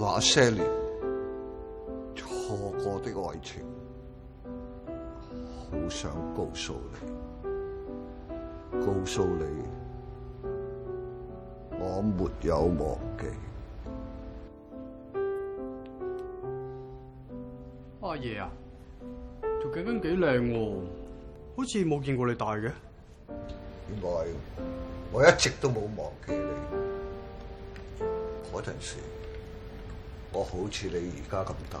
那些年錯過的愛情，好想告訴你，告訴你我沒有忘記。阿爺啊，條頸巾幾靚喎，好似冇見過你戴嘅。唔係，我一直都冇忘記你嗰陣時。我好似你而家咁大。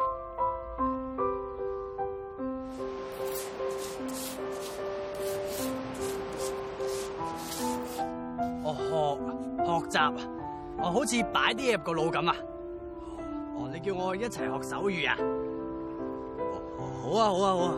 雜，哦，好似擺啲嘢入個腦咁啊！哦，你叫我一齊學手語啊？哦，好啊，好啊，好啊！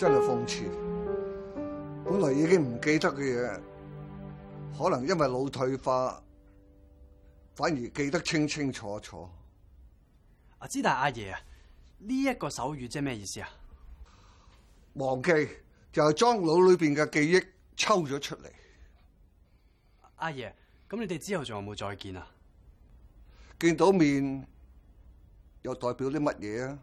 真係諷刺，本來已經唔記得嘅嘢，可能因為腦退化，反而記得清清楚楚。阿知，但阿爺啊，呢一個手語即係咩意思啊？忘記就係將腦裏邊嘅記憶抽咗出嚟。阿爺，咁你哋之後仲有冇再見啊？見到面又代表啲乜嘢啊？